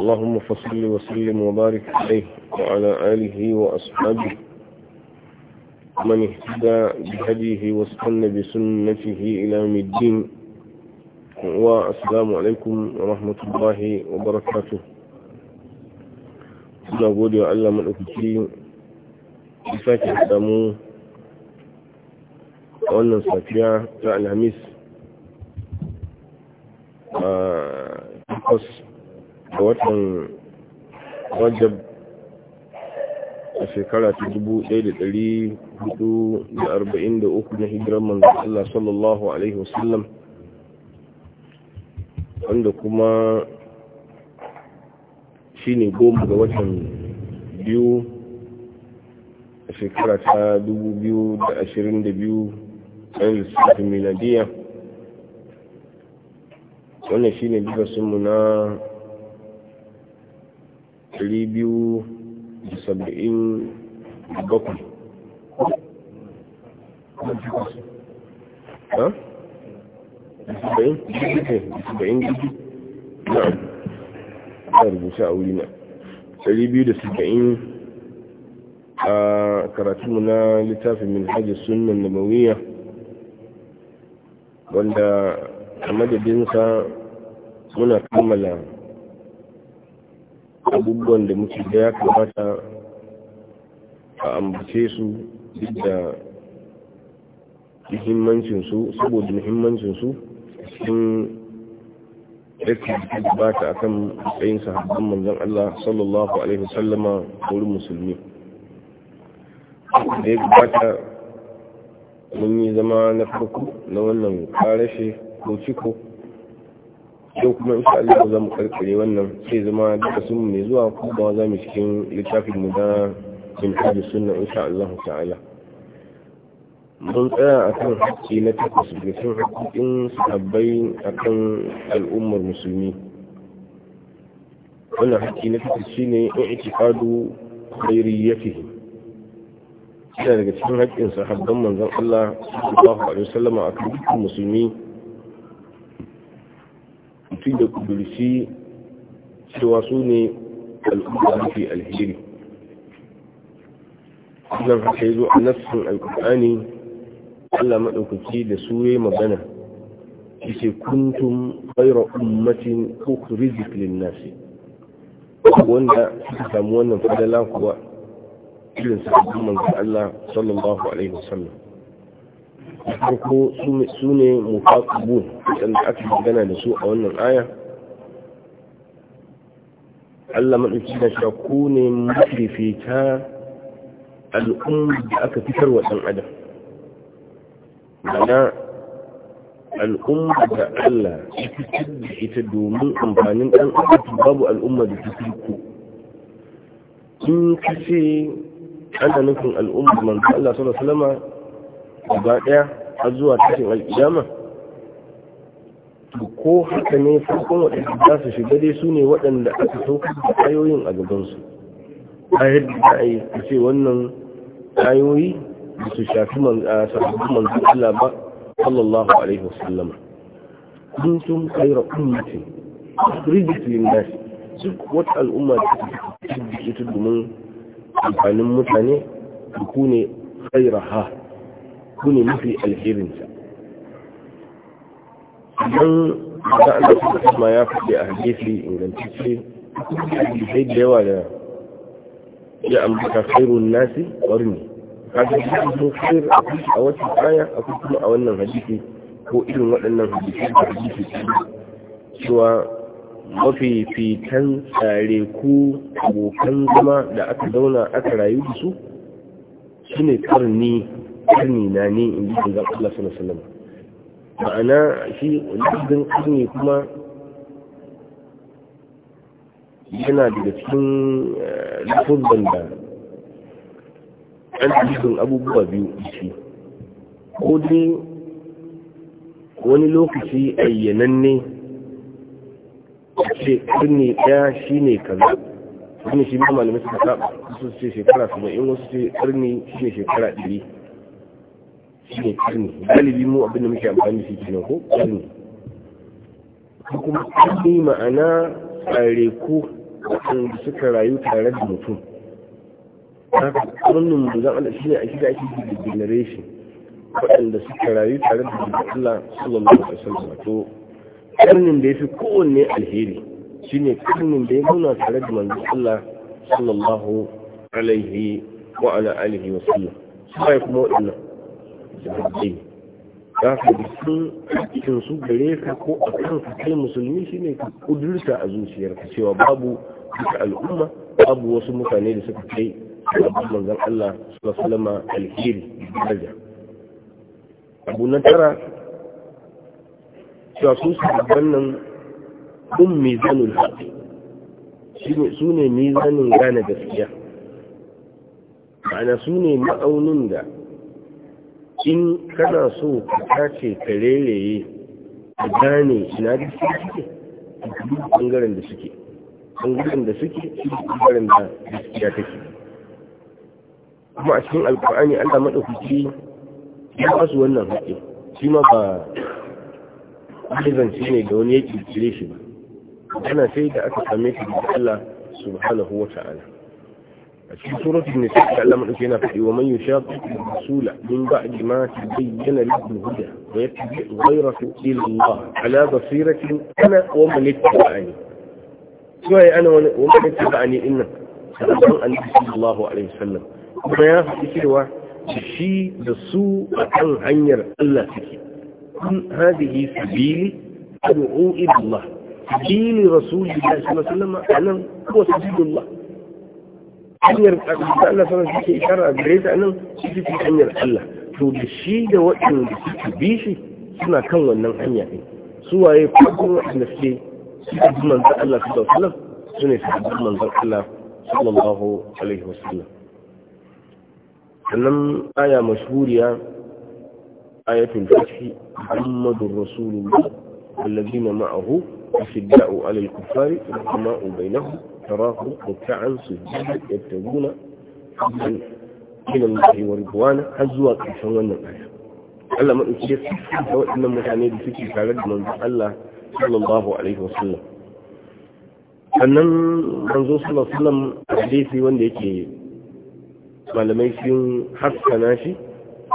اللهم فصل وسلم وبارك عليه وعلى آله وأصحابه من اهتدى بهديه واستنى بسنته إلى يوم الدين والسلام عليكم ورحمة الله وبركاته suna gode wa Allah maɗaukaki da sake samu a wannan safiya ta alhamis watan rajab a shekara ta dubu ɗaya da ɗari hudu da arba'in da uku na hijirar manzan Allah sallallahu Alaihi wasallam wanda kuma shi ne goma ga watan biyu a shekara ta dubu biyu da ashirin da biyu ɗan lissafin miladiyya wannan shi ne bigasinmu na ɗari biyu a karatu na littafin min hajji sunan nabawiyya wanda a madadinsa muna kammala abubuwan da muke da ya kamata a ambace su duk da muhimmancinsu saboda muhimmancinsu cikin yake da gabata a kan matsayin sahabban manzan Allah sallallahu Alaihi wasallama wurin musulmi da ya gabata mun yi zama na farko na wannan karashe ko ciko yau kuma insha Allah za mu karkare wannan sai zama duka sun mai zuwa kuma za mu cikin littafin mu da jimhajin sunna insha Allah ta'ala mun tsaya a kan hakki na takwas da sun haƙoƙin sabbai a kan al'ummar musulmi wannan hakki na takwas shi ne in itikadu khairiyyatihim yana daga cikin haƙƙin sahabban manzan Allah sallallahu alaihi salama a kan dukkan musulmi mutum da kudurci cewa su ne al'ubba mafi alheri Idan haka yi zo a nassin alkur'ani allah maɗaukaki da su yi magana ce kuntum ƙaira ummatin ko rizik linnasi wanda suka samu wannan fadala kuwa irin sa'adun manzan allah sallallahu alaihi wasallam farko su ne mufaƙibu waɗanda aka magana da su a wannan aya Allah maɗauki da cewa ne mafi ta al'ummar da aka fitar wa ɗan adam mana al'ummar da Allah ya fitar da ita domin amfanin ɗan adam babu al'ummar da ta fi in ka ana nufin al'ummar manzo Allah sallallahu alaihi wasallam gaba ɗaya har zuwa cikin alƙidama ko haka ne farkon waɗanda za su shiga dai su ne waɗanda aka saukar da ayoyin a gabansu a yadda za a yi ce wannan ayoyi da su shafi sababbin manzan Allah ba sallallahu alaihi wasallama kuntum khayra ummati ukhrijat lin-nas Su wata al'umma da take ita domin amfanin mutane da ku ne kai raha su ne mafi alherinsa idan da an da kuma ya faɗi a hadisi ingantacce sai da yawa da ya ambata khairun nasi ƙwarni kaga da su a wata aya a kuma a wannan hadisi ko irin waɗannan hadisi da hadisi cewa mafifitan tsare ku abokan zama da aka zauna aka rayu da su shine karni karni na ne in ji manzon Allah sallallahu alaihi wasallam ma'ana shi lafazin karni kuma yana daga cikin eh, lafazin da an cikin abubuwa biyu shi ko dai wani lokaci ne a ce karni ɗaya shi ne kaza wani shi ma malamai suka saba su ce shekara saba'in wasu ce karni shi ne shekara ɗari shi ne karni galibi mu abinda muke amfani shi kenan ko karni kuma karni ma'ana tsare ko wanda suka rayu tare da mutum haka karnin zan Allah shi ne a ake da generation waɗanda suka rayu tare da Allah sallallahu alaihi wasallam to karnin da yafi kowanne alheri shine karnin da ya nuna tare da manzan Allah sallallahu alaihi wa ala alihi wa sallam sai kuma waɗannan zaɓe za ka bi sun su gare ka ko a kan ka kai musulmi shine ka kudurta a zuciyarka cewa babu duka al'umma babu wasu mutane da suka kai sabon manzon Allah Salama, alheri daraja abu na tara cewa su sabon nan kun mizanul haƙi su ne mai zanin gane gaskiya ma'ana su ne ma'aunin da in kana so ka tace ka rereye ka gane ina da suke duk bangaren da suke bangaren da suke bangaren da gaskiya take kuma a cikin alkur'ani Allah madaukaki ya wasu wannan haƙƙi shi ma ba zance ne da wani ya kirkire shi ba ana sai da aka same shi da Allah subhanahu wa ta'ala a cikin suratul nisa da Allah madauki yana faɗi wa man yushaqiqi rasula min ba'di ma tabayyana lahu huda wa yattabi ghayra sabili Allah ala basiratin ana wa man ittaba'ani ai ana wa man ittaba'ani inna sabon annabi sallallahu alaihi wasallam kuma ya faɗi cewa shi da su a kan hanyar Allah suke kun hadihi sabili ad'u ila Allah sabili rasulillahi sallallahu alaihi wasallam anan sabili sabilullah hanyar Allah sama suke ishara a gare ta nan shi ce hanyar Allah to da shi da waɗanda suke bi shi suna kan wannan hanya ɗin suwaye farkon waɗanda suke suka bi Allah su da wasallam su ne Allah aya mashhuriya ayatul fathi Muhammadur Rasulullah الذين معه أشداء على الكفار رحماء بينهم تراهم ركعا سجدا يبتغون فضلا من الله ورضوانا har zuwa ƙarshen wannan aya Allah madauki ya da waɗannan mutane da suke tare da الله عليه وسلم alaihi sannan manzo sallallahu alaihi wasallam hadisi wanda yake malamai sun haskana shi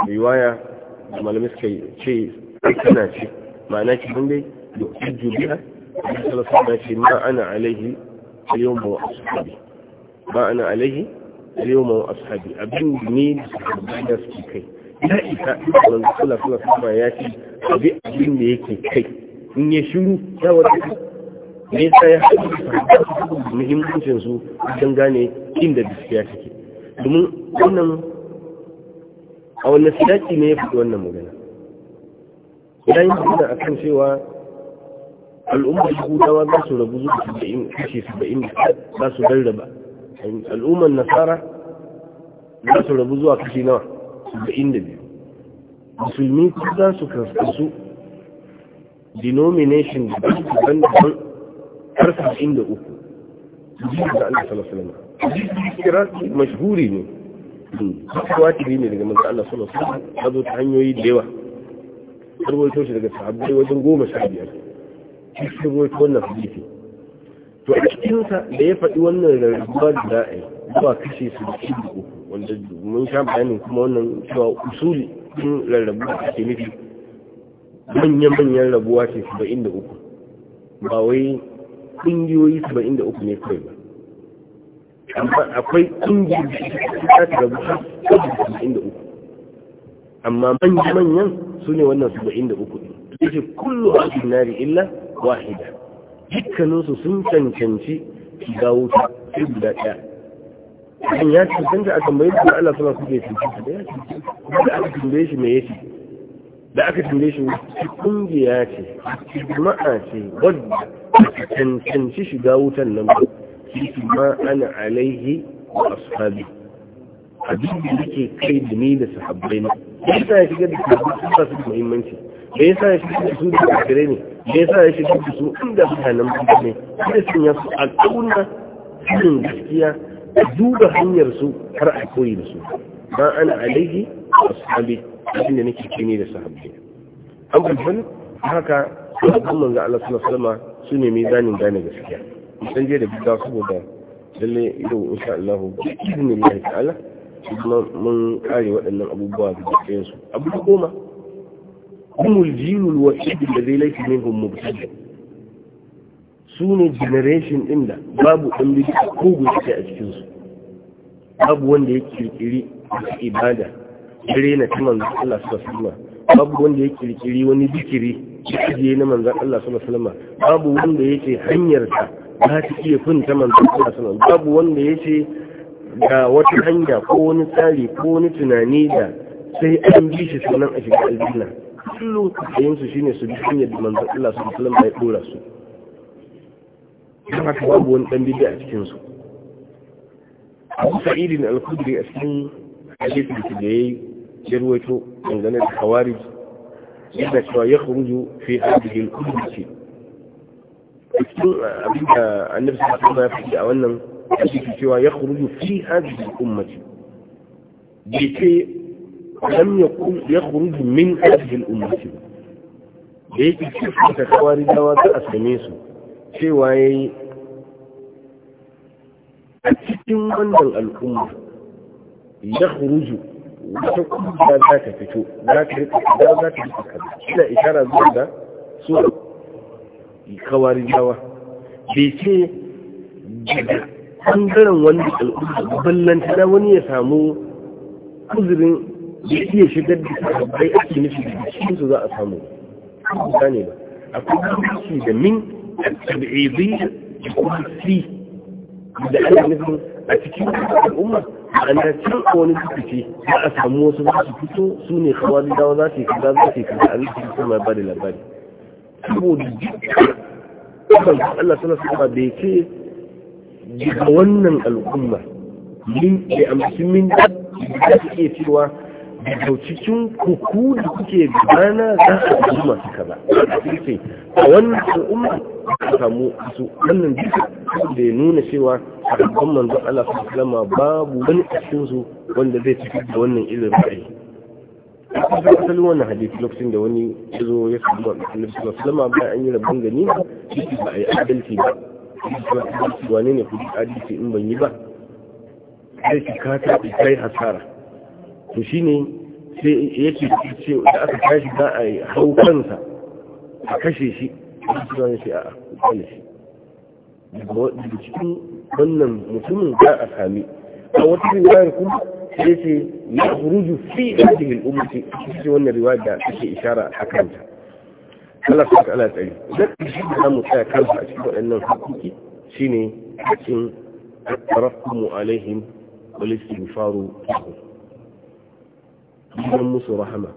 riwaya da malamai suka ce kana shi ma'ana shi dai da biha sallallahu alaihi wasallam ma ana alaihi اليوم وأصحابي ما أنا عليه اليوم وأصحابي أبين نين بأنا في كي لا إساء من صلى صلى صلى ياتي أبي أبين نيكي كي إن يشيروا يا ودك nesa ya haɗu muhimmancin su don gane inda gaskiya take domin wannan a wannan sidaki ne ya fi wannan magana ya yi magana a kan cewa al'ummar yahudawa za su rabu zuwa saba'in kashe saba'in za su rarraba al'ummar nasara za su rabu zuwa kashe nawa saba'in da biyu musulmi kuma za su kaskasu denomination da daban daban har saba'in da uku jiya da allah salasalama kira mashhuri ne ta ne daga manzo allah salasalama ta zo ta hanyoyi da yawa karwaito shi daga sahabbai wajen goma sha biyar cikin ruwaito wannan hadisi to a cikinsa da ya faɗi wannan rarrabuwa da za a yi zuwa kashe su da cikin uku wanda mun sha bayanin kuma wannan cewa usuli sun rarrabuwa a ke nufi manya-manyan rabuwa ce saba'in da uku ba wai ƙungiyoyi saba'in da uku ne kawai ba amma akwai ƙungiyoyi da ta ta rabu har saba'in da uku amma manya-manyan su ne wannan saba'in da uku ne yake kullu a sinari illa wahida dukkaninsu sun cancanci shiga wuta sai guda ɗaya in ya cancanta a tambayi da Allah sama su ke cancanta da ya cancanta da aka tambaye shi me yake da aka tambaye shi wata kungiya ce jama'a ce wadda ta cancanci shiga wutan nan ba shi ma ana alaihi wa ashabi abin da yake kai da ni da sahabbai ne yadda ya shiga da kuma sun su muhimmanci ya sa ya shi su da kafirai ne ya yasa ya shi da su inda mutanen banza ne da sun ya a ƙauna cikin gaskiya a duba hanyar su har a koyi da su ba ana alaihi a sahabi abinda nake ne da sahabi an bulbul haka sahabban ga Allah suna sama su ne mai zanin gane gaskiya musan je da bidda saboda lalle yau insha Allah bi idnillahi ta'ala kuma mun kare waɗannan abubuwa da su abu goma هم الجيل الوحيد الذي ليس منهم مبتدع سوني جنريشن ɗin da babu ɗan bidi a kogon shi a cikinsu babu wanda ya kirkiri a ibada dare na ta manzan Allah su salama babu wanda ya kirkiri wani zikiri da ajiye na manzan Allah su salama babu wanda ya ce hanyarsa za ta iya kunta manzan Allah babu wanda ya ce ga wata hanya ko wani tsari ko wani tunani da sai an bi shi sunan a shiga aljanna kullu tsayin su shine su bi hanyar da manzon Allah su sallam bai dora su kuma ka babu wani dan bid'a a cikin su Abu Sa'id al-Khudri a cikin hadisi da yi jirwato dangane da khawarij yadda cewa ya khuruju fi hadhihi al-kullati cikin abin da annabi sallallahu alaihi wasallam ya a wannan hadisi cewa ya khuruju fi hadhihi al-ummati bai lam yakun yakhruj min hadhihi al-ummati da yake cikin ta kawari dawa ta asame su cewa yayi a cikin wannan al'umma yakhruj wata kungiya za ta fito za ta rika kaza za ta rika kaza ina ishara da su kawari dawa bai ce daga ɓangaren wani al'umma ballantana wani ya samu kuzirin ya iya shigar da sahabbai ake nufi da cikin su za a samu ba ne ba akwai bambanci da min tabi'idi da kuma si da ana nufin a cikin al'umma ma'ana can a wani lokaci za a samu wasu za su fito su ne kawai dawa za su yi kaza za su yi kaza a nufin sama ba da labari saboda dukkan Allah sana sama bai ce daga wannan al'umma min da amsu min da su iya cewa daga cikin kuku da kuke gabana za a samu masu kaza a wannan al'umma a samu su wannan duka da ya nuna cewa a gaban manzon Allah su kalama babu wani cikin su wanda zai cikin da wannan irin ra'ayi a cikin asalin wannan hadisi lokacin da wani ya zo ya samu annabi sallallahu alaihi bayan an yi rabon gani ba a yi adalci ba wane ne ku adalci in ban yi ba sai ki kata kai hasara to shi ne sai yake ce da aka tashi za a hau kansa a kashe shi suna shi a kwale shi daga cikin wannan mutumin za a sami a wata riwayar kuma sai ce ya huruju fi hadhihi a ummati shi wannan riwayar da ake ishara a kanta Allah subhanahu ala tsari dan shi da mu tsaya kansa a cikin waɗannan hukuki shine cikin tarafumu alaihim wal istighfaru lahum neman musu rahama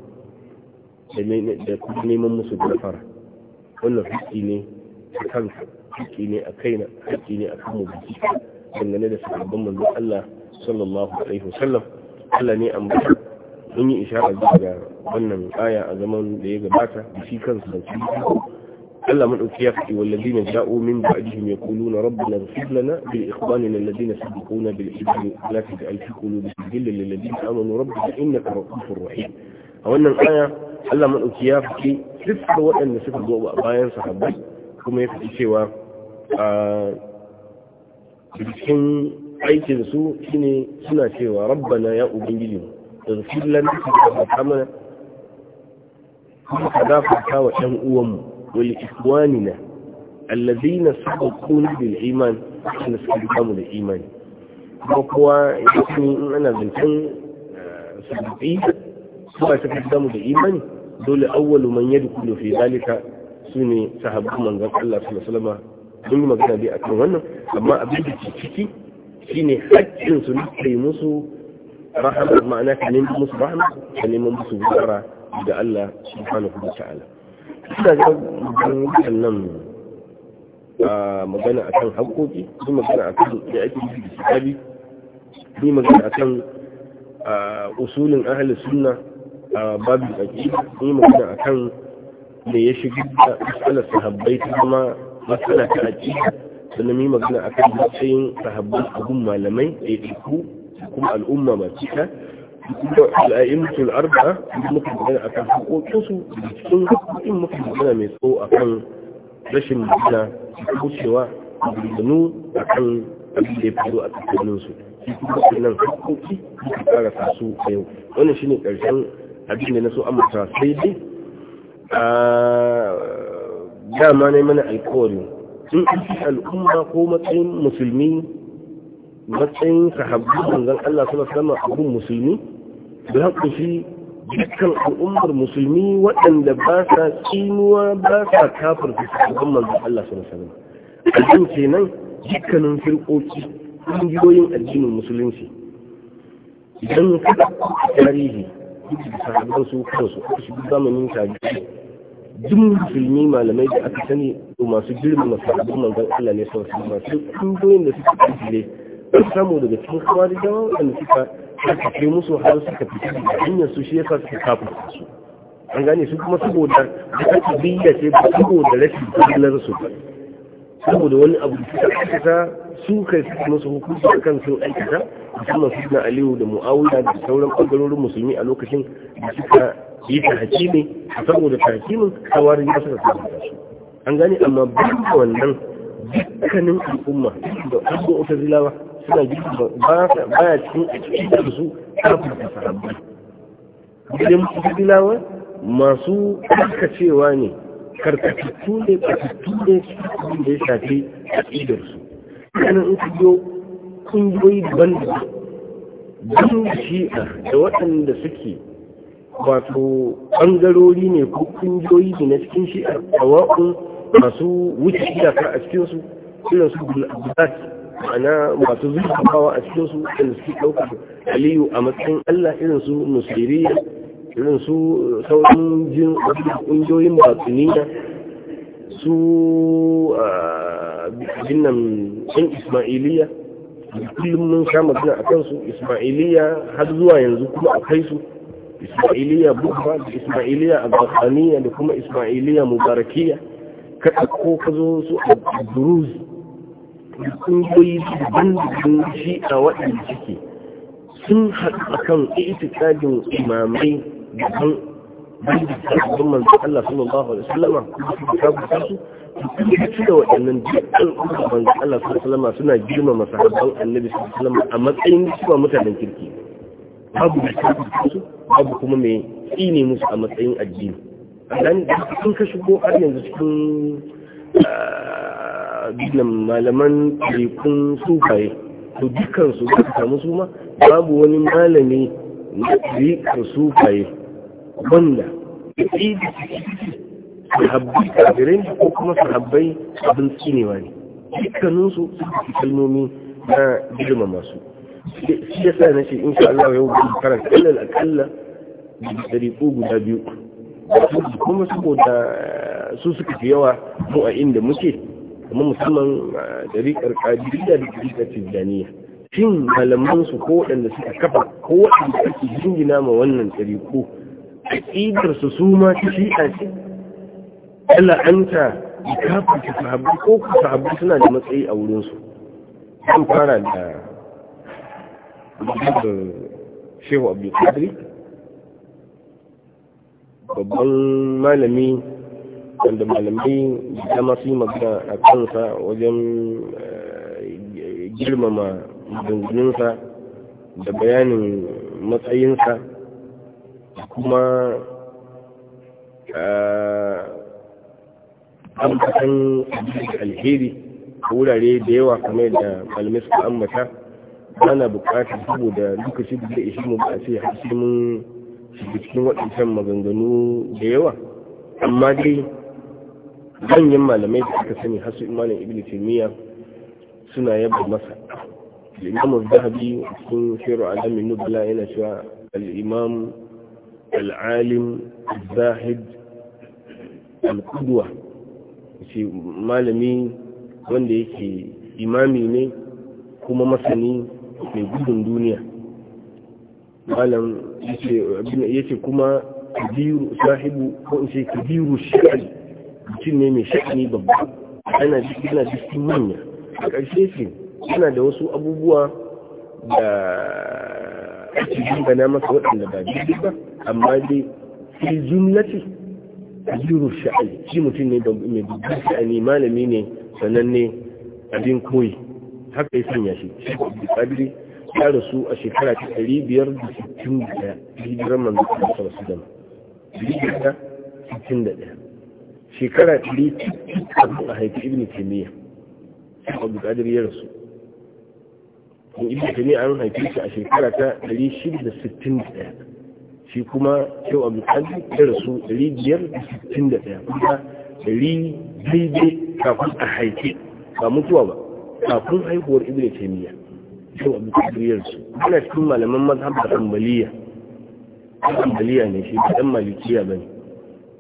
da kuma neman musu gafara wannan haƙƙi ne a kanka haƙƙi ne a kaina haƙƙi ne a kan mu biki dangane da sababbin manzo Allah sallallahu alaihi wasallam Allah ne ambata mun yi isharar da wannan aya a zaman da ya gabata da shi kansa da shi ألا من أتيافتي والذين جاءوا من بعدهم يقولون ربنا اغفر لنا بإخواننا الذين سبقونا بالإجراء ولكن تجعل في قلوبهم للذين آمنوا ربك إنك رؤوف رحيم أن الآية ألا من أتيافتي سفة وأن سفة ضوء أبايان صحابي كما يفتي سوى آه، بالحين أيتين سوء سنة سنة سوى ربنا يا أبنجلهم اغفر لنا في أحمد حمنا كل حدافة كاوة ولإخواننا الذين سبقونا بالإيمان احنا سبقاموا الإيمان وقوى يعني أنا بنتين سبقين سوى سبقاموا الإيمان دول أول من يدخل في ذلك سوني صحابه من ذات الله صلى الله عليه وسلم mun yi magana dai a kan wannan amma abin da ke ciki shine haƙƙin su kai musu rahama ma'ana ka nemi musu rahama ka musu bukara daga Allah subhanahu wa ta'ala da ga wannan magana akan haƙoƙi ni magana akan da ake yi da shikabi ni magana akan usulin ahli sunna a babin aqida ni magana akan da ya shiga da masalar sahabbai ta kuma matsala ta aqida sannan ni magana akan matsayin sahabbai abun malamai da ya kuma al'umma ba cika al'ayyamtu al'arba muka magana akan hukukinsu sun hukukin muka magana mai tsawo akan rashin magana kucewa gudanu a kan abin da ya faru a tsakaninsu su kuma nan hukuki muka karasa su a yau wannan shine karshen abin da na so amurta sai dai a dama ne mana alkawari in al'umma ko matsayin musulmi matsayin sahabbi manzon Allah sallallahu alaihi wasallam musulmi da haƙu shi dukkan al'ummar musulmi waɗanda ba sa cinuwa ba sa kafar da sabon manzo Allah sallallahu alaihi wasallam kenan dukkanin firƙoƙi ƙungiyoyin addinin musulunci idan suka tarihi duk da sabon su kansu aka shi zamanin tabi'i duk musulmi malamai da aka sani masu girmama sabon manzo Allah ne sallallahu alaihi wasallam su ƙungiyoyin da suka kankile samu daga cikin kawar da waɗanda suka suka musu har suka fita da hanyar su shi yasa suka kafa su an gane su kuma saboda da tarbiyya ce ba saboda rashin kallar su saboda wani abu da suka aikata su kai su musu hukunci a kan sun aikata musamman su na aliyu da mu'awiya da sauran ɓangarorin musulmi a lokacin da suka yi ta a saboda ta hakimin kawarin ya suka kafa su an gane amma bayan wannan dukkanin al'umma da ɗan zilawa suna ba ya cikin da su kafin da sahabbai gidan mutubilawa masu karkacewa ne karkatattu ne karkatattu ne abin da ya shafi aƙidar su kanan in su biyo kungiyoyi daban da don shi'a da waɗanda suke wato ɓangarori ne ko kungiyoyi ne na cikin shi'a a masu wuce iyaka a cikinsu irin su gulat ma'ana masu zuwa a cikin su da su ɗaukar aliyu a matsayin allah irin su nusiriya irin su sauran jin ƙungiyoyin batuniya su jinnan ɗin ismailiya kullum mun sha magana a kansu ismailiya har zuwa yanzu kuma akwai su ismailiya bukba da ismailiya bakaniya da kuma ismailiya mubarakiya ka ko ka zo su a duruz da kungiyoyi daban daban shi a waɗanda ciki sun haɗu akan itikadin imamai daban ban da sabbin manzo Allah sallallahu alaihi wasallam kuma su su da waɗannan dukkan kuma manzo Allah sallallahu alaihi wasallam suna girmama sahabban annabi sallallahu alaihi wasallam a matsayin cewa mutanen kirki babu da su babu kuma mai tsine musu a matsayin addini a dan sun ka shigo har yanzu cikin ah, malaman ɗarikun sufaye to dukansu su samu su ma babu wani malami na ɗarikar sufaye wanda ya tsaye da a kafirai ko kuma sahabbai abin tsinewa ne dukkaninsu suka fi kalmomi na girma masu shi ya sa na ce in sha Allah yau gudu karan kallal akalla da ɗariƙo guda biyu kuma saboda su suka fi yawa mu a inda muke kuma musamman dariƙar ƙadiriya da dariƙar tijjaniya shin malamansu ko waɗanda suka kafa ko waɗanda suke jingina ma wannan ɗariƙo aƙidarsu su ma ta a ce la'anta da ta sahabbai ko ku sahabbai suna da matsayi a wurinsu zan fara da shehu abdulkadir babban malami wanda malamai da masu magana a kansa wajen eh, girmama maganganunsa da bayanin matsayinsa kuma eh, ambatan alheri a wurare da yawa kamar da malamai suka ambata ana bukatar saboda lokaci da zai ishi mu ba sai har sai mun shiga cikin waɗancan maganganu da yawa amma dai manyan malamai da aka sani hasu imanin ibn taymiya suna yabba masa al-imam az-zahabi cikin shiru alamin nubala yana cewa al-imam al-alim az-zahid al-qudwa shi malami wanda yake imami ne kuma masani mai gudun duniya malam yace kuma kabiru sahibu ko in ce kabiru shi'ari mutum ne mai sha'ani babba ana jikina jikin manya a ƙarshe ce yana da wasu abubuwa da ake jingana masa waɗanda ba jirgin ba amma dai fil jumlati ajiru sha'ani shi mutum ne mai dubbin sha'ani malami ne ne abin koyi haka ya sanya shi shi abdulkadiri ya rasu a shekara ta ɗari biyar da sittin da ɗaya hijiran manzo sallallahu alaihi wasallam sittin da ɗaya shekara ɗari kafin a haifi ibn taimiyya a bukatar ya rasu in ibn taimiyya an haifi shi a shekara ta 661 shi kuma yau a kadir ya rasu 561 kuma ɗari daidai kafin a haifi ba mutuwa ba kafin haihuwar ibn taimiyya yau abu kadir ya rasu ana cikin malaman mazhabar ambaliya ambaliya ne shi ba ɗan malikiya ba ne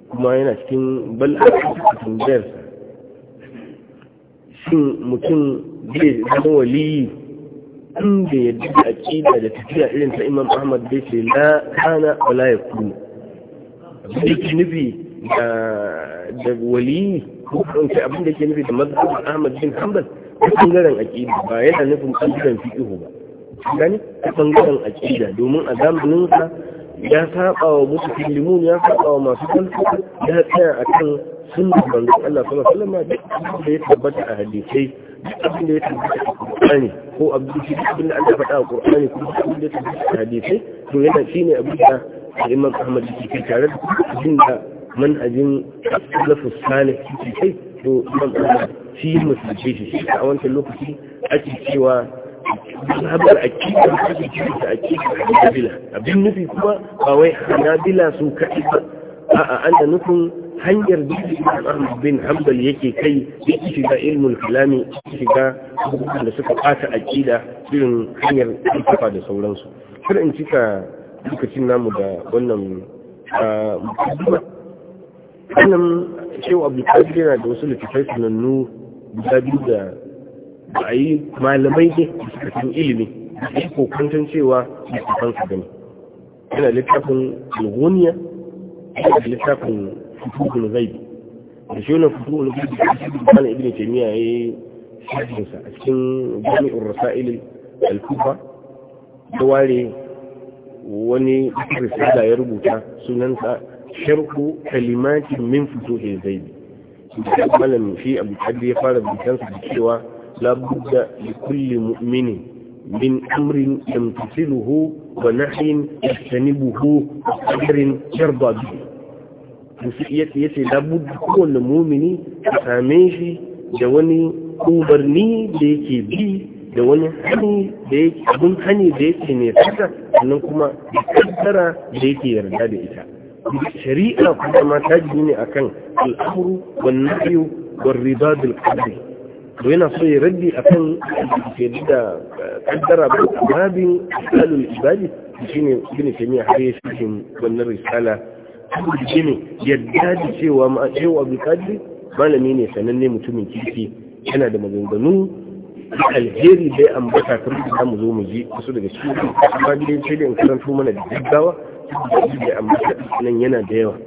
kuma yana cikin bal a shi shin mutum zai zama waliyi inda ya duka aƙida da tafiya irin ta imam ahmad bai ce na kana wala ya kuma abinda ke nufi da waliyi ko kanka abin da ke nufi da mazaɓa ahmad bin hanbal ta bangaren aƙida ba yana nufin bangaren fiƙihu ba gani ta bangaren aƙida domin a zamaninsa ya saba wa filimun ya saba wa masu falsafa ya tsaya akan sunnar manzon Allah sallallahu alaihi wasallam duk da ya tabbata a hadisai duk abin da ya tabbata a Qur'ani ko abin da Allah tabbata a Qur'ani ko abin da ya tabbata a hadisai to yana ne abin da Imam Ahmad yake tare da abin da manhajin salafus salih yake kai to Imam Ahmad shi musulunci shi a wancan lokaci ake cewa mazhabar akidar kasu akidar hanabila abin nufi kuma ba wai hanabila su kaɗi ba a'a ana nufin hanyar da Imam Ahmad bin Hanbal yake kai yake shiga ilmul kalami shiga abubuwan da suka ɓata akida irin hanyar kafa da sauransu kar in cika lokacin namu da wannan mukaddima wannan shehu abdulkadir yana da wasu littattafai sanannu guda biyu da ba a yi malamai ne a cikin ilimi da yi kokantar cewa littafin su gani yana littafin algoniya yana littafin fituhun zaibi da shi wannan fituhun zaibi da shi da kwanan ibn taimiyya ya yi shirkinsa a cikin jami'ar rasa'il al-kufa da ware wani risala ya rubuta sunanta sharku kalimatin min fituhun zaibi da malamin shi abu ya fara bitansa da cewa لابد لكل مؤمن من أمر يمتثله ونحي يجتنبه وقدر يرضى به yace labud kowane mumini a same shi da wani umarni da yake bi da wani hani da yake abin hani da yake ne tsaka sannan kuma da kaddara da yake yarda da ita shari'a kuma ma ta ne akan al'amru wan nahyu war rida bil qadri to yana so ya raddi akan ke da kaddara babin alul ibadi ne gini taymiya har ya cikin wannan risala shi ne yadda da cewa ma cewa abu malami ne sananne mutumin kirki yana da maganganu Aljeri bai ambata kamar da mu zo mu ji wasu daga cikin amma dai sai da in karanto mana da gaggawa da ambata nan yana da yawa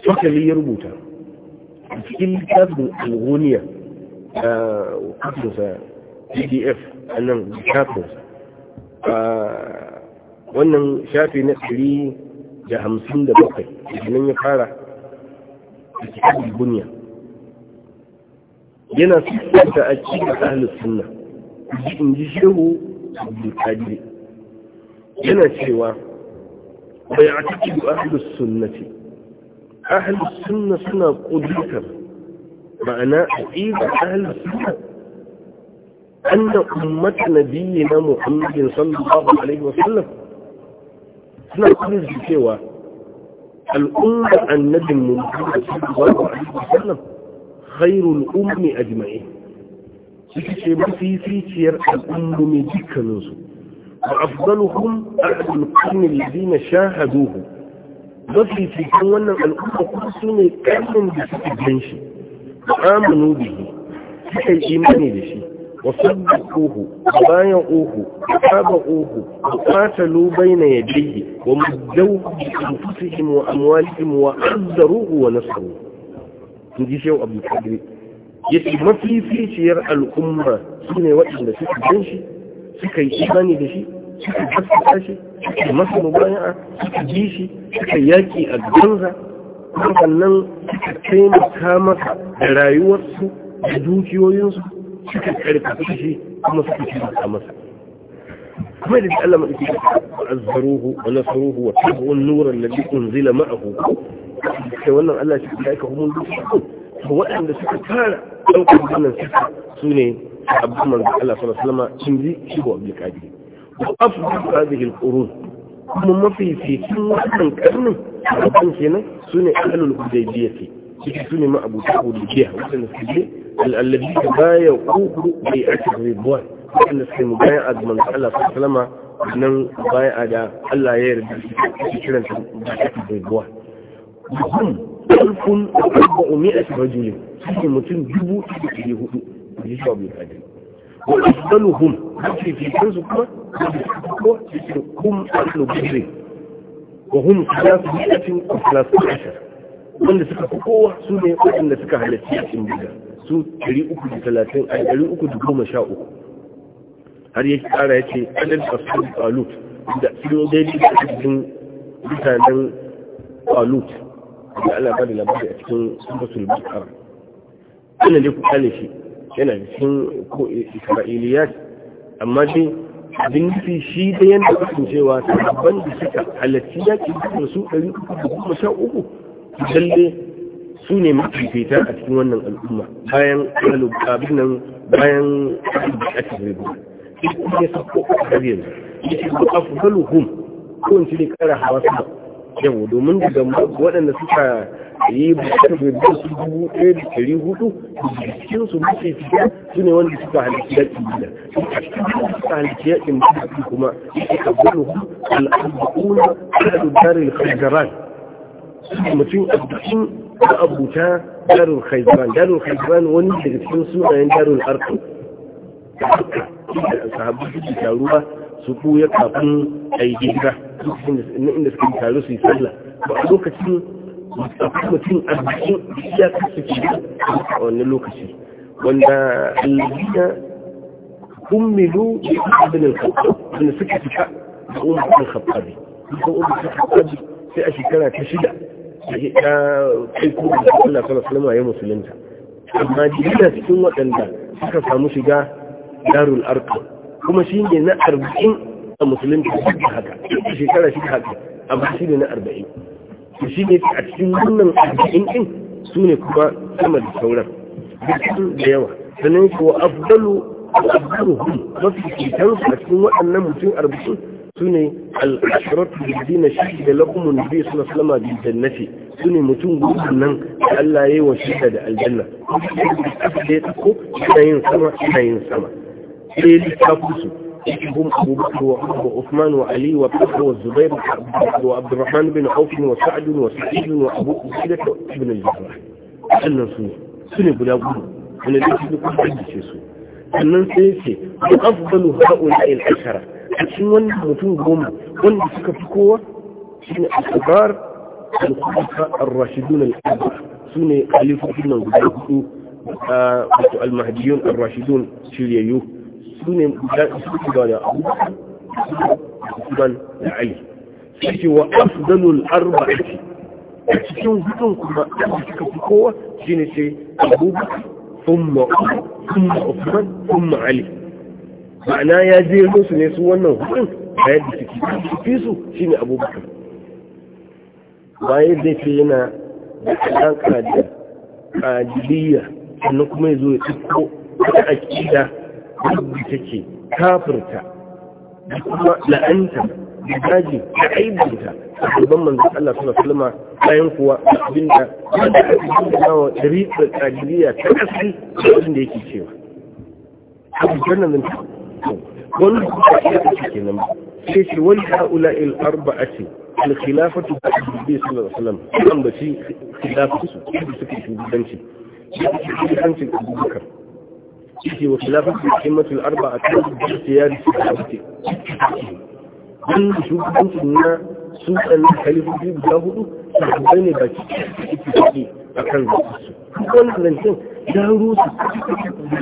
Sokali ya rubuta cikin littafin al kuɗinsa pdf a nan shafinsa wannan shafi na ɗari da hamsin da bakwai nan ya fara a cikin duniya yana siffanta a cikin ahalus sunna in ji shehu abdulkadir yana cewa bai a cikin ahalus sunnati ahalus suna suna ƙudutar ma'ana aqida ahlus sunna anna ummat nabiyina muhammadin sallallahu alaihi wasallam suna kullum cewa al'ummar annabin mu Muhammad sallallahu alaihi wasallam khairul ummi ajma'in suke ce mafi ficiyar al'ummi dukkaninsu wa afdaluhum ahlul qarni alladhina shahaduhu mafi cikin wannan al'umma kuma su ne da suka gan shi amanu bihi suka yi imani da shi wa saddaquhu bayan uhu wa saba uhu wa qatalu bayna yadayhi wa muddaw bi anfusihim wa amwalihim wa azzaruhu wa nasaru inji shehu abdul qadir yace mafificiyar al'umma sune waɗanda suka gan shi suka yi imani da shi suka gaskata shi suka masa mubaya'a suka ji shi suka yaki a ganza wannan suka taimaka maka da rayuwarsu da dukiyoyinsu suka karkata shi kuma suka taimaka masa kuma da Allah mai cikin azzaruhu wa nasaruhu wa tabu an-nur alladhi unzila ma'ahu sai wannan Allah shi ya kai humul dukkan waɗanda suka fara ɗaukar wannan sifa su ne abin manzo Allah sallallahu alaihi wasallam sun ji shi wa bil qadi wa afdal hadhihi al-qurun kuma mafi fitin wannan karnin abin kenan su ne ahalul hudaybiya suke su ne ma'abuta hudaybiya waɗanda su je al'allabi ta baya kuku bai ake ribuwa waɗanda su mu bayan azman Allah su salama nan baya a da Allah ya yarda su kiran su bai ake ribuwa mutum alfun arba'u mi'at su ne mutum dubu ɗari hudu ji shi abu kadin wa afdaluhum fi kansu kuma kuma kuma وهم hum salasu bi'atin عشر salasu ashar wanda suka fi kowa su ne waɗanda suka halarci a cin biga su a 313 har yake ƙara ya ce adal asfal talut da sun daidai da cikin mutanen talut da ana da labari a cikin sumbatul bakara wannan dai ku kane shi yana cikin ko amma dai abin nufi shi da yana kusan cewa sabon da suka halarci yaƙi da su ɗari uku da kuma uku lalle su ne mafifita a cikin wannan al'umma bayan alubabin nan bayan a cikin ribu shi kuma ya sako a gari yanzu ya ce ba afuwalu hum ko ne kara hawa su ba. yawo domin daga waɗanda suka yi bukatar da su dubu ɗaya da ɗari hudu su fiye su ne wanda suka halitta yakin bida a cikin suka halitta yakin bida kuma ya kabbalu mutum abdukin da abuta wani daga cikin sunayen arku da su kafin a yi hijira inda taru su yi sallah ba a lokacin mutum arba'in ya kasu cikin a wani lokaci wanda allazina kummilu ibn al-khattab ibn suka fita da umar al-khattabi ko umar al-khattabi sai a shekara ta shida ta kai ko da Allah sallallahu alaihi ya musulunta amma jina cikin waɗanda suka samu shiga darul arqam kuma shi ne na arba'in a musulunta haka shekara shida haka amma shi ne na arba'in to shi ne a cikin wannan arba'in din su ne kuma sama da sauran Bikin da yawa sannan ko afdalu afdaluhum mafi kitan a cikin waɗannan mutum arba'in su ne al'ashiratu bidina shi da lakumun nabi suna alaihi da bi jannati su ne mutum gudun nan da Allah ya yi wa shi da aljanna da ya tsako yana yin sama yana yin sama sai littafin su هم أبو بكر وعمر وعثمان وعلي وبكر والزبير وعبد الرحمن بن عوف وسعد وسعيد وأبو أسيدة وابن الجزار. أنا سنة سنة بلا بلا أنا ليس بكل حد يسوع أنا سيسي وأفضل هؤلاء العشرة أتشن وانا متون قوما في قوة سنة الكبار الخلفاء الراشدون الأكبر سنة خليفة بن الجراح آه، المهديون الراشدون شريعيوه su ne suke ba da Ali shi wa afdalul arba'ati a cikin hudun kuma da suka fi kowa shine sai Abubakar thumma thumma Usman thumma Ali ma'ana ya je su ne su wannan hudun da yadda suke fi su shine abubuwa. bayan da ke yana da alaka da kadiliya sannan kuma ya zo ya tsiko ta aƙida wadda take kafirta da kuma la'anta da daji da aibinta a gaban manzan Allah suna salama bayan kuwa abin da wanda aka yi da nawa rikar kadiriya ta asali da abin da yake cewa abu jannan nan wani kuma ya kace kenan sai shi wani haula il arba'ati al khilafatu bi nabi sallallahu alaihi wasallam kan da shi khilafatu su suke shugabanci shugabancin Abubakar yake wa arba a al-a'immatul arba'a ta tiyari khilafati dan shugabancin na su dan khalifofi guda hudu sahabbai ne baki ciki a kan su wannan zancen ya rusa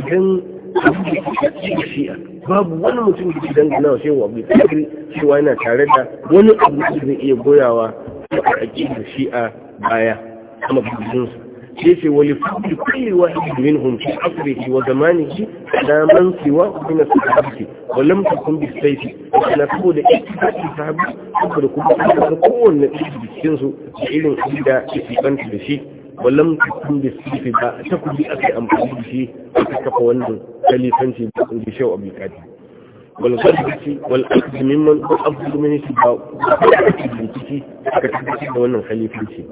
dan shi'a babu wani mutum da ke dangana wa shewa bai tsakiri cewa yana tare da wani abu da zai iya goyawa a aƙidar shi'a baya kuma bibinsu كيف ولفضل كل واحد منهم في عصره وزمانه لا من سوى من الصحابة ولم تكن بالسيف أنا أقول إكتفاء الصحابة أقول كل صحابة كون نتيجة بالسنس بإذن حديدة إكتفانت بشيء ولم تكن بالسيف با تكن بأكي أمكان بشيء أتكفى وأنه خليفانتي بشيء أبي كاتب والغربة والأخذ ممن أفضل من السباء أكتفى بشيء أكتفى بشيء وأنه خليفانتي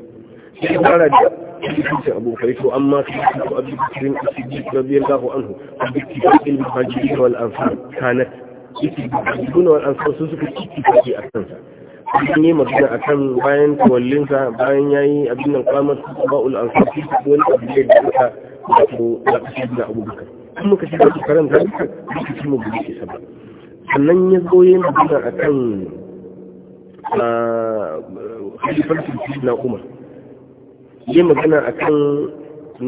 ya fara da cikin abokai to amma fi cikin abu cikin asibiti rabiyar gaho anhu abu cikin ilmi wal ansar kanat cikin wal ansar sun suka ciki kake a kansa an yi magana a kan bayan tawallinsa bayan ya yi abin nan kwamar ba'ul ansar fi wani abu da ya duka wato da kashe da abubakar an muka shi da karanta duka duka cikin mu buɗe isa ba sannan ya zo yi magana a kan ah, halifarsu na umar yi magana akan kan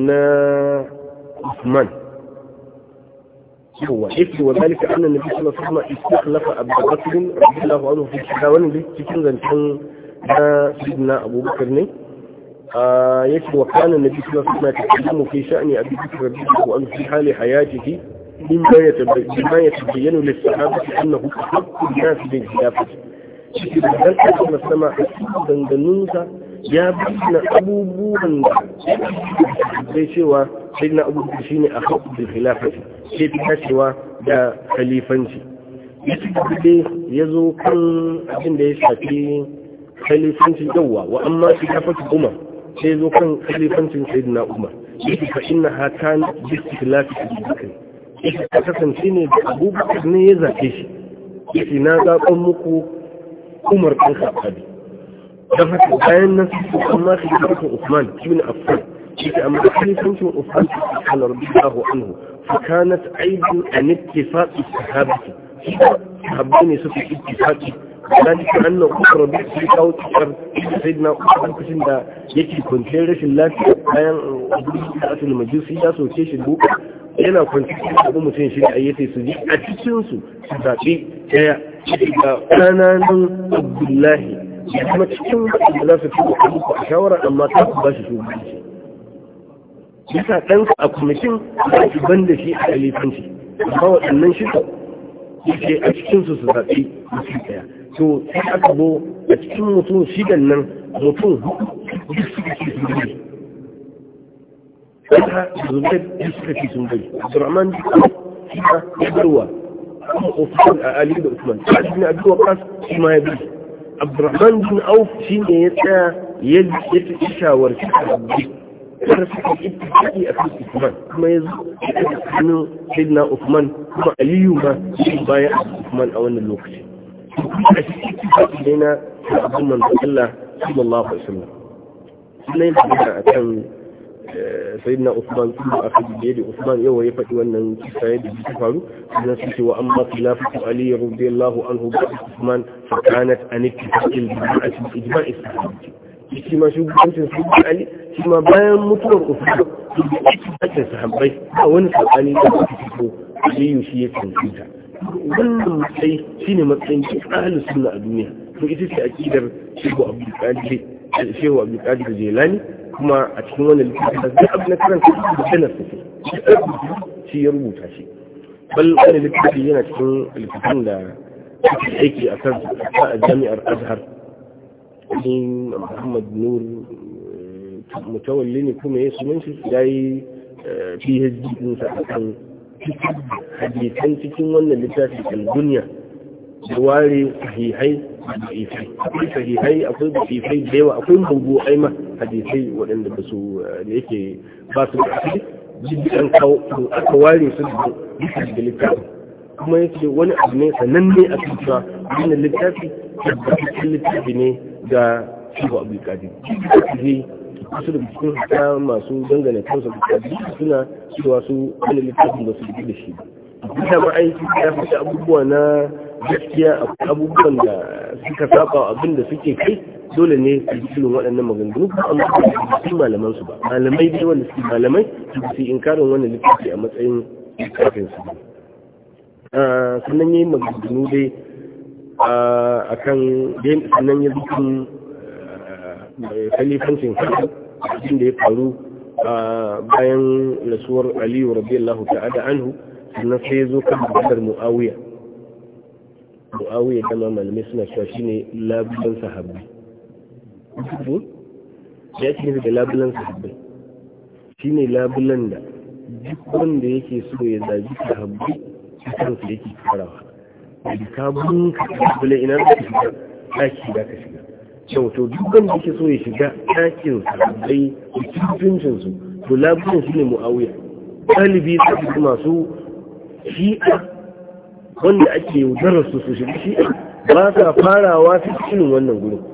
na Usman. Yawwa, yake wa zalika annan na bisa masu kuma iske kalafa a bakirin cikin zancen na sidina abubakar ne. Yake wa kanan na bisa masu kuma cikin yi mafi sha'ani a bisa rahila wa wani hali a yaji shi. Bimba ya tabbayyano lissahabi su annan hukuki na su bin ya fi. Shi ke da sama a cikin zanganunsa ya bayyana abubuwan da sai cewa sai na abubuwa shi ne a haƙuɗin khilafafi sai fi tashewa da khalifanci ya ci dai ya zo kan abin da ya shafi khalifancin yawa wa amma shi ya fata umar sai zo kan khalifancin sai na umar ci fa ina haka na bisti khilafi a jikin Ya ta kasance ne da abubuwan ne ya zafi shi ya ci na zaɓen muku umar ɗan saɓabi don haka bayan nan amma su da cikin usman ibn affan shi ke amma khalifancin usman ibn radiyallahu anhu fa kanat aibun an ittifaqi sahabati shi sahabbai ne suka ittifaqi ذلك أن أخرى بيسي أو تشعر da yake كسن دا يكي كونتيرش اللاتي بيان أبوه أس ya ياسو shi البوك yana kwanciyar abu mutum shi da ayyace su ji a cikinsu su zaɓi ɗaya da ƙananan abdullahi ya kuma cikin da za su fi muku a shawara amma ta ku ba shi shugabanci sa ɗanka a kwamishin ba ki ban da shi a alifanci amma waɗannan shi ke a cikin su su zaɓi mutum ɗaya to sai aka bo a cikin mutum da nan mutum duk suka ce sun bari ɗanka da zubai duk suka ce sun bari abdurrahman shi ma ya barwa kuma usman a ali da usman ta ibn abi waqas shi ma ya bari abdurrahman bin auf shi ne ya tsaya ya fi shawarci a rabbi har suka ittifaqi a kan Usman kuma ya zo hannun Sayyidina Usman kuma Aliyu ma shi baya Usman a wannan lokaci a cikin ittifaqi ne na abin manzon Allah sallallahu alaihi wasallam sunan da akan sayyidina Usman kun da aka biye da Usman yau ya faɗi wannan kisa yadda ta faru sannan su ce wa amma khilafatu Ali radiyallahu anhu ba Usman fa kanat an ittifaqil bi'ati ijma'i sahabati shi ma shugabancin sayyidina Ali shi ma bayan mutuwar Usman ake sahabbai ba wani sabani da ake fito Aliyu shi ya tantance wannan matsayi shine matsayin ki ahlus suna a duniya to ita ce akidar Shehu Abdul Qadir Shehu Abdul Qadir Jilani kuma a cikin wani littafi da zai abu na karanta da sanar suke shi ya rubuta shi bal wani littafi yana cikin littafin da suke aiki a kan a jami'ar azhar ni muhammad nur eh, mutawalli ne kuma ya sunan shi ya yi eh, phd ɗinsa a kan hadisan cikin wannan littafi kan duniya da ware sahihai da ifai akwai sahihai akwai da ifai da yawa akwai bugu aima hadisai waɗanda ba su da yake ba su da ake jiddan aka ware su da da littafi? kuma ya ce wani abu ne sananne a cikin wani littafi da tabbataccen littafi ne ga shiwa abu kadir ne wasu da cikin hata masu dangane kansu da kadir suna cewa su wani littafi ba su da shi ba da ma'aiki ya fi abubuwa na gaskiya abubuwan da suka saba abin da suke kai dole ne a yi cikin waɗannan maganganu ba a ba su malaman su ba malamai dai wanda su malamai su su inkarin wannan littafi a matsayin littafin su ah, sannan yayin maganganu dai a ah, kan sannan ya zukin ah, kalifancin cikin da ya faru bayan rasuwar aliyu radiyallahu ta'ala anhu sannan sai ya zo kan maganar mu'awiya mu'awiya dama malamai suna cewa shine labulan sahabbai ya ce da labulan sahabbai shi ne labulan da duk wanda yake so ya zaji sahabbai a kansu yake farawa da ka bunka labulan ina da ka shiga ɗaki da ka shiga yau to duk wanda yake so ya shiga ɗakin sahabbai da kifincinsu to labulan shi ne mu'awiya ɗalibi su masu shi'a wanda ake yaudarar su su shiga shi'a ba sa farawa su cikin wannan gurin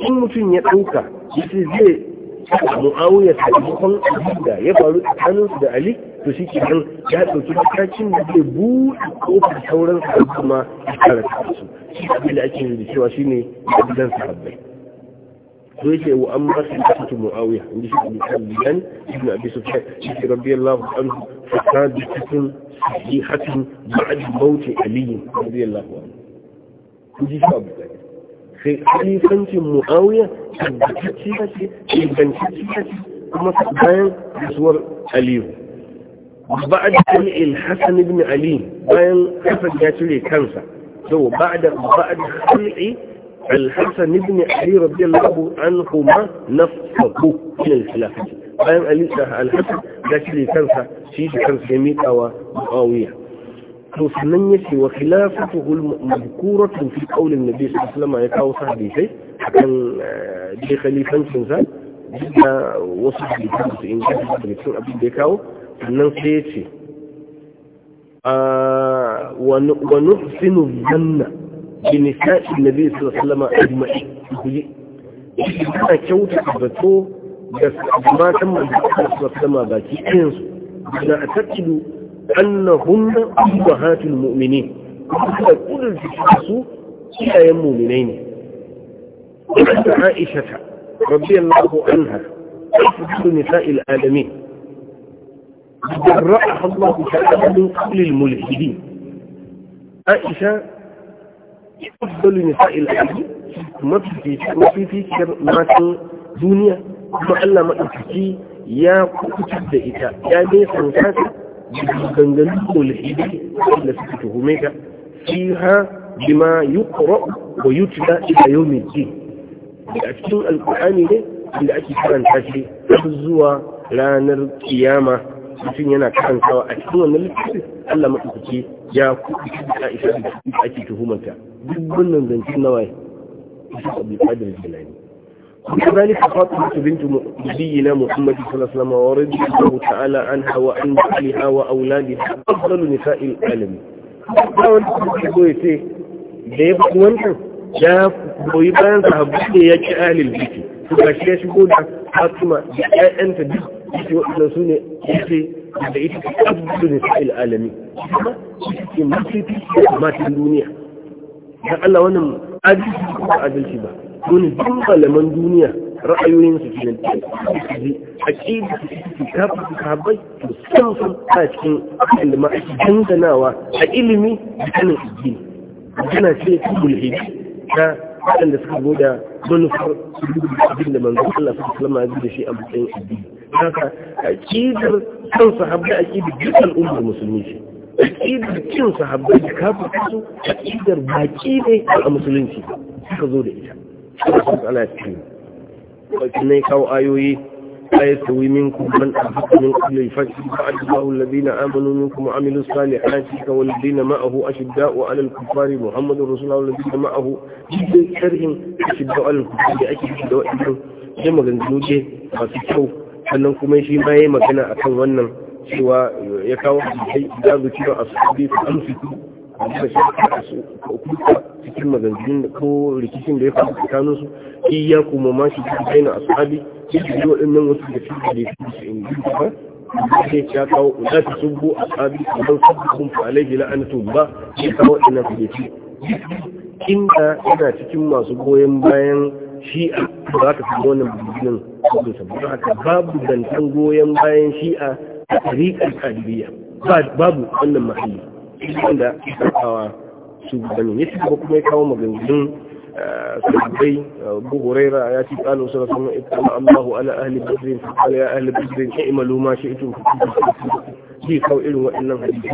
in mutum ya ɗauka yace zai mu'awiya sakamakon abin da ya faru tsakaninsu da ali to shi ke nan ya ɗauki matakin da zai buɗe ƙofar sauran sahabbai ma ya kare su shi abin da ake yi da cewa shi ne gidan sahabbai to yake wa an ba su kasatu mu'awiya inda shi ne kan bidan ibn abi sufyan shi ke rabbi allahu anhu fasa da cikin sahihatin ba'ad mauti aliyin rabbi allahu anhu in ji shi abu kai. khalifancin muawiya tabbatacciya ce ingantacciya ce بصور bayan وبعد aliyu الحسن بن علي بين حفظ جاتولي كنسا سو بعد بعد خلع الحسن بن علي رضي الله ما نفسه من الخلافة بين الحسن جاتولي كنسا شيء كنسا جميل أو معاوية to sannan ya ce wa khilafatuhu mazkuratun fi qaulin nabi sallallahu alaihi ya kawo hadisi akan bi eh, khalifancin sa da wasu hadisan su in ga cikin abin da ya kawo sannan sai ya ce ah, wa nuhsinu dhanna bi nisa'i nabi sallallahu alaihi wasallam ajma'i ana kyauta zato da matan manzo sallallahu alaihi wasallam baki ɗayan su a أنهن أمهات المؤمنين كل الجسوس هي المؤمنين وحد عائشة رضي الله عنها أفضل نساء الآدمين جرأها الله تعالى من قبل الملحدين عائشة أفضل نساء الآدمين ما في ما في في ما في دنيا ما إلا ما يا كتب إتا يا ناس مساكن ganganin mulhidi da suka tuhume ka fiha yi kuro wa yutla yau mai din da cikin alqur'ani ne inda ake karanta shi har zuwa ranar kiyama mutum yana karantawa a cikin wannan littafin Allah madaukaki ya kuɗi da Aisha da ake tuhumanta duk wannan zancen nawaye Abu Qadir Jilani وكذلك فاطمة بنت نبينا محمد صلى الله عليه وسلم ورضي الله تعالى عنها وعن بعلها وأولادها أفضل نساء العالم kawon da goyi ce da ya fi wancan ya goyi bayan sahabbai da ya ci alil biki su ga shi ya shigo da fatima da ƴaƴanta duk su waɗanda ne ce da ita sa'il alami kuma Allah wannan adalci ko adalci ba dole duk malaman duniya ra'ayoyin su kenan a aqida su kafa su kabai to san sun a cikin ilimi ake danganawa a ilimi da kanin addini magana ce ta mulhidi ta waɗanda suka zo da manufar su dubu da abin da manzon Allah su kalama ya da shi a matsayin addini haka aqidar san sahabbai aqidar duk al'ummar musulmi ce aƙidar cin sahabbai da kafin su aƙidar baƙi ne a musulunci suka zo da ita ne kawo ayoyi ayyata wi minkum man ahadu min kulli fajr fa ajabu alladhina amanu minkum wa amilu salihati ka walladhina ma'ahu ashidda'u 'ala al-kuffari muhammadur rasulullah alladhina ma'ahu jidda sharhin ashidda'u 'ala al-kuffari ake yi da wannan sai maganganu je ba su kyau sannan kuma shi ma yayi magana akan wannan cewa ya kawo sai da zuciya asabi fa amfitu da shi kuka cikin maganganun ko rikicin da ya faru tsakanin su ya kuma ma shi cikin bayan ashabi shi ne waɗannan wasu da cikin da ya su in yi ba sai ya kawo la ta subbu ashabi idan sabbukum fa alayhi la'anatu ba ya kawo waɗannan kuɗi inda yana cikin masu goyon bayan shi'a za ka fi wannan bugin sabon saboda haka babu dantan goyon bayan shi'a a tariƙar ƙadiriya babu wannan mahalli wanda kawa shugabanni ya ci gaba kuma ya kawo maganganun eh, sahabbai eh, abu ya ci tsalo sana sama ikama allahu ala ahli badrin ala ya ahli badrin ya imalu ma shi itin zai kawo irin waɗannan hadisi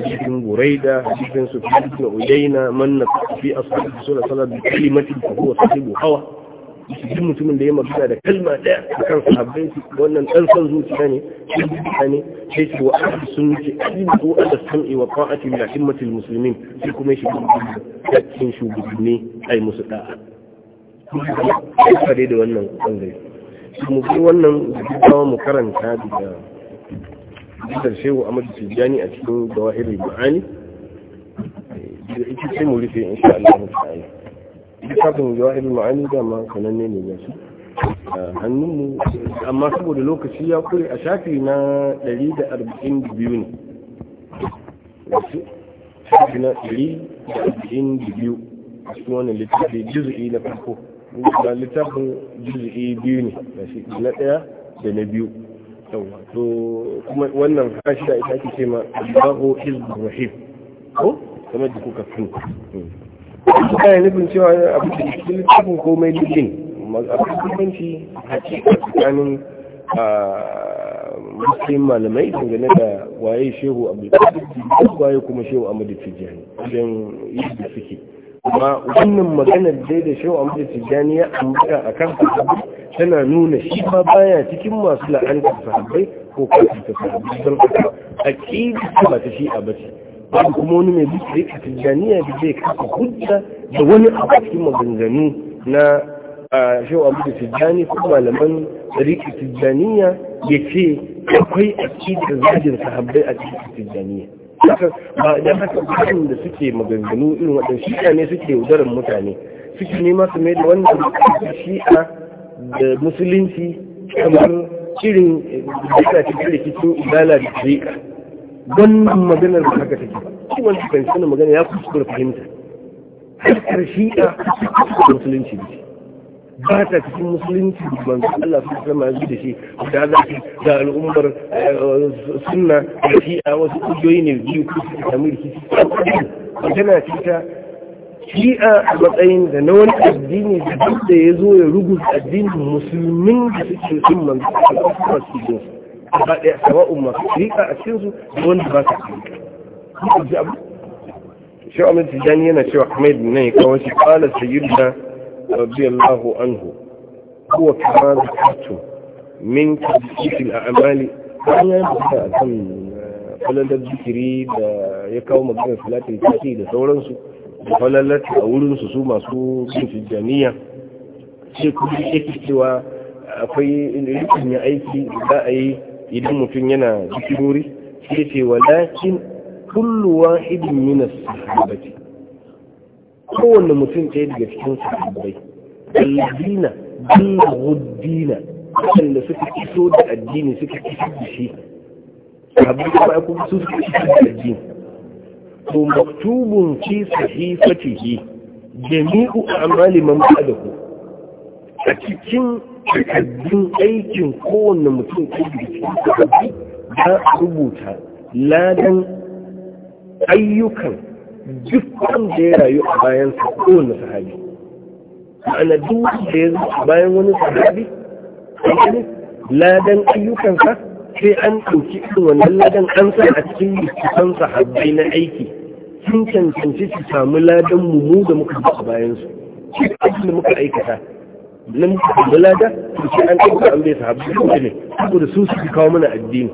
hadisin da hadisin su fi na uyaina man na fi asali sallallahu alaihi da kalimatin fa huwa sahibu hawa duk mutumin da ya magana da kalma daya a kan sahabbai wannan dan son zuciya ne shi zuciya ne sai shi wa sun sunnati ajin ko ala sam'i wa ta'ati min a'immatil musulmin sai kuma shi da cikin shugabanni ai musu da'a kuma kare da wannan su mu bi wannan gaggawa mu karanta da da shehu amadu Tijani a cikin gawahirin ma'ani da eh, ita sai mu rufe insha Allah ta'ala littafin jawahir ma'ani dama sananne ne ga shi hannunmu amma saboda lokaci ya kure a shafi na 142 ne shafi na 142 a cikin wannan littafi juzu'i na farko da littafin juzu'i biyu ne da shi na ɗaya da na biyu to kuma wannan hashi da ita ake ce ma albaho hizbun rahim ko kamar da kuka fi kana nufin cewa abu da cikin littafin komai dukkan abinci hakika tsakanin muslim malamai dangane da waye shehu a abdulkadir waye kuma shehu amadu tijjani don yadda suke amma wannan maganar dai da shehu amadu tijjani ya ambata a kan tana nuna shi ma baya cikin masu la'anta sahabai ko kafin ta sahabbai don haka aƙida ba ta shi a bace babu kuma wani mai bisa rika tijjaniya da zai kafa hujja da wani abu cikin maganganu na shehu abu da tijjani ko malaman rika tijjaniya ya ce akwai cikin zajin sahabbai a cikin tijjaniya ba da haka bayan da suke maganganu irin waɗanda shi'a ne suke yaudarar mutane suke nema su mai da wannan shi'a da musulunci kamar irin eh, da cikin rikicin ibala da shi'a wannan maganar da haka take shi wani kan sanin magana ya kuskura fahimta har karshe a musulunci ne ba ta cikin musulunci su Allah su sama yanzu da shi da za ki da al'ummar eh, sunna da shi a wasu kujoyi ne biyu ku su samu rikici tana ce ta shi'a a matsayin da na wani addini da duk da ya zo ya ruguza addinin musulmin da suke sun manzo Allah su ba ɗaya sawa'un masu tsirika a cikinsu wanda ba su tsirika shi amin tijjani yana cewa ahmed ne kawai shi kala sayyidina radiyallahu anhu huwa kama da kato min kabisifin a amali an yi magana a kan eh, falalar zikiri da ya kawo maganar filatin tafi da sauransu da falalar a wurinsu su masu bin tijjaniya sai kuma yake cewa akwai eh, rikin ya aiki za a yi idan mutum yana wuri, sai ce walakin kullu kulluwa ilimi na sahabati kowanne mutum ɗaya daga cikin sahabai alladina balaghu ad suka iso da addini suka iso da shi sahabbai kuma kuma su suka iso da addini to maktubun fi sahifatihi jami'u a'mali man ku a cikin takaddun aikin kowanne mutum ko da rubuta ladan ayyukan duk wanda ya rayu a bayan sa kowanne sahabi ma'ana duk wanda ya zo bayan wani sahabi ladan ayyukansa sai an ɗauki irin wannan ladan an sa a cikin littafan sahabbai na aiki sun cancanci su samu ladan mu da muka ba a bayansu shi da muka aikata nan da lada shi an ɗauka an bai sahabi su ne saboda su suke kawo mana addini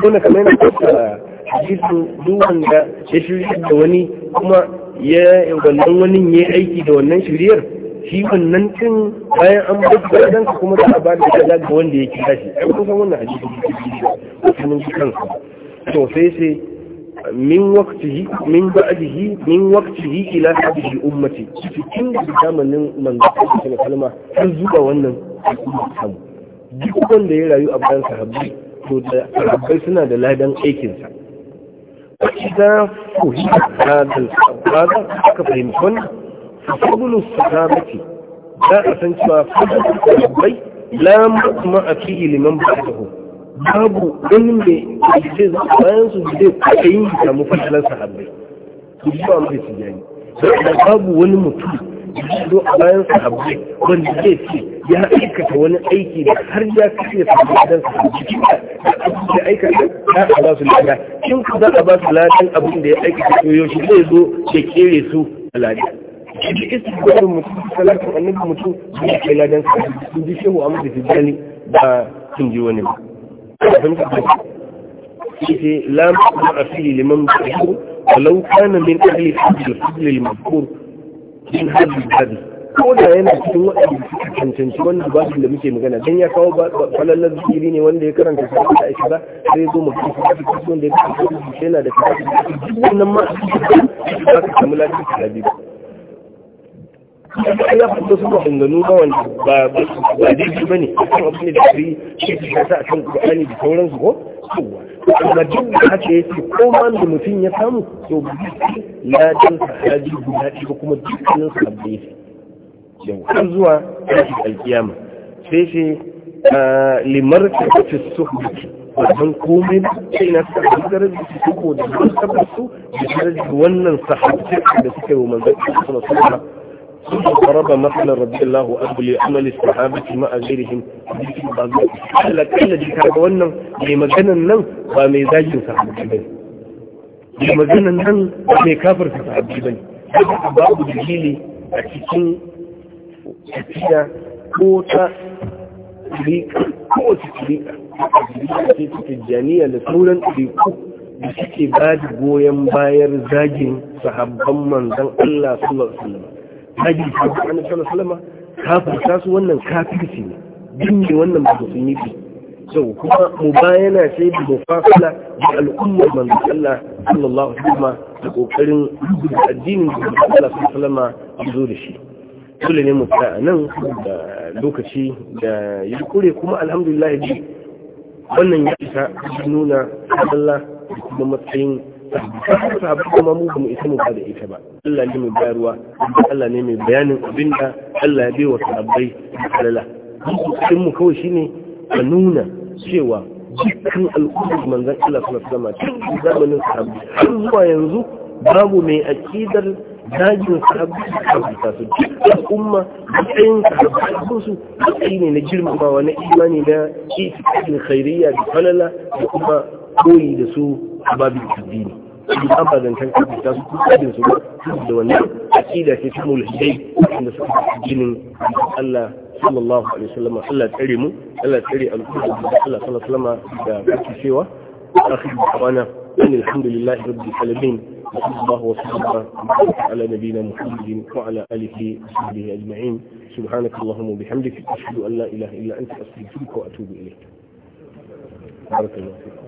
kuma kama yana ɗauka hadisu duk wanda ya shirya da wani kuma ya wannan wani ya aiki da wannan shiryar shi wannan cin bayan an bai da ka kuma za a ba da kaza ga wanda ya kira shi ai kun san wannan hadisi da ke cikin kansa to sai sai min waqtihi min ba'dihi min waqtihi ila hadihi ummati cikin zamanin manzo sallallahu kalma har zuwa wannan samu duk wanda ya rayu a bayan sahabbai to da sahabbai suna da ladan aikin sa idan fuhi hadal sabada aka fahimci wannan fadlu sahabati za a san cewa fadlu sahabbai la mutma'a fihi liman ba'dahu babu ganin da zai bayan su zai kaɗa yin samu fadalar sahabbai su ji ba mai su jani da babu wani mutum zo a bayan sahabbai wanda zai ce ya aikata wani aiki da har ya kashe sahabbai sahabbai da aikata ya a ba su lada in ku za a ba su ladan abin da ya aikata to yaushe zai zo ya kere su a lada. ladan shi istighfarin mutum salatin annabi mutum ya kai ladan sahabbai sun ji shehu amma da tijjani ba sun ji wani ba فيه لا مقنع فيه لمن تحضر ولو كان من أهل الحجر الفضل المذكور من هذا الباب ko da yana cikin waɗanda suka cancanci wannan babin da muke magana don ya kawo na zikiri ne wanda ya karanta su da aiki ba zai zo mutum su da wanda ya kasu da yana da kasu wannan ma a cikin ba ka samu lafiya da biyu kuma ya fito su maganganu na wanda ba ba daidai ba ne kan abu ne da kuri shi ta shata a kan kurani da sauran sauransu ko amma duk da haka yake ko man da mutum ya samu to ya na dan sahabi guda ɗaya ba kuma dukkanin sahabbai ne yau har zuwa tashin alkiyama sai shi limar ta kafin suhbati wannan komai na sai na sabbin darajar su saboda sun sabbin su da darajar wannan sahabbai da suka yi wa manzan su kuma ثم ضرب مثلا رضي الله عنه لعمل الصحابة مع غيرهم قال كل دي كربونا لمجانا نن ومي زاجن صحابة بني لمجانا نن ومي كافر صحابة بني babu dalili a cikin tafiya ko ta kowace tsirika a ce tijjaniya da sauran tsiriku da suke ba da goyon bayar zagin sahabban manzan Allah sallallahu hajji ta ga annabi sallallahu alaihi wasallam su wannan kafirci ne dinne wannan ba su yi so kuma mubayana sai da mufasala da al'ummar manzo Allah sallallahu alaihi wasallam da kokarin rubuta addinin da Allah sallallahu alaihi wasallam zo da shi dole ne mu tsaya nan da lokaci da ya kure kuma alhamdulillah wannan ya isa nuna Allah da kuma matsayin sahabbai sahabbai kuma mu mu isa mu ba da ita ba Allah ne mai bayarwa Allah ne mai bayanin abinda Allah ya bai wa sahabbai halala mun mu kawai shine a nuna cewa dukkan al'ummar manzon Allah sallallahu alaihi wasallam tun zamanin sahabbai har zuwa yanzu babu mai akidar dajin sahabbai da su duk al'umma matsayin sahabbai su matsayi ne na girmamawa na imani da itikin khairiyya da falala da kuma koyi da su a babin addini amma zancen kafirta su kudin su da wannan akida ce ta mulhidai wanda suka jinin Allah sallallahu alaihi wasallam Allah tsare mu Allah tsare al'umma Allah sallallahu alaihi wasallam da kake cewa akhir da'wana ان الحمد لله رب العالمين وصلى الله وسلم على نبينا محمد وعلى اله وصحبه اجمعين سبحانك اللهم وبحمدك اشهد ان لا اله الا انت استغفرك واتوب اليك بارك الله فيك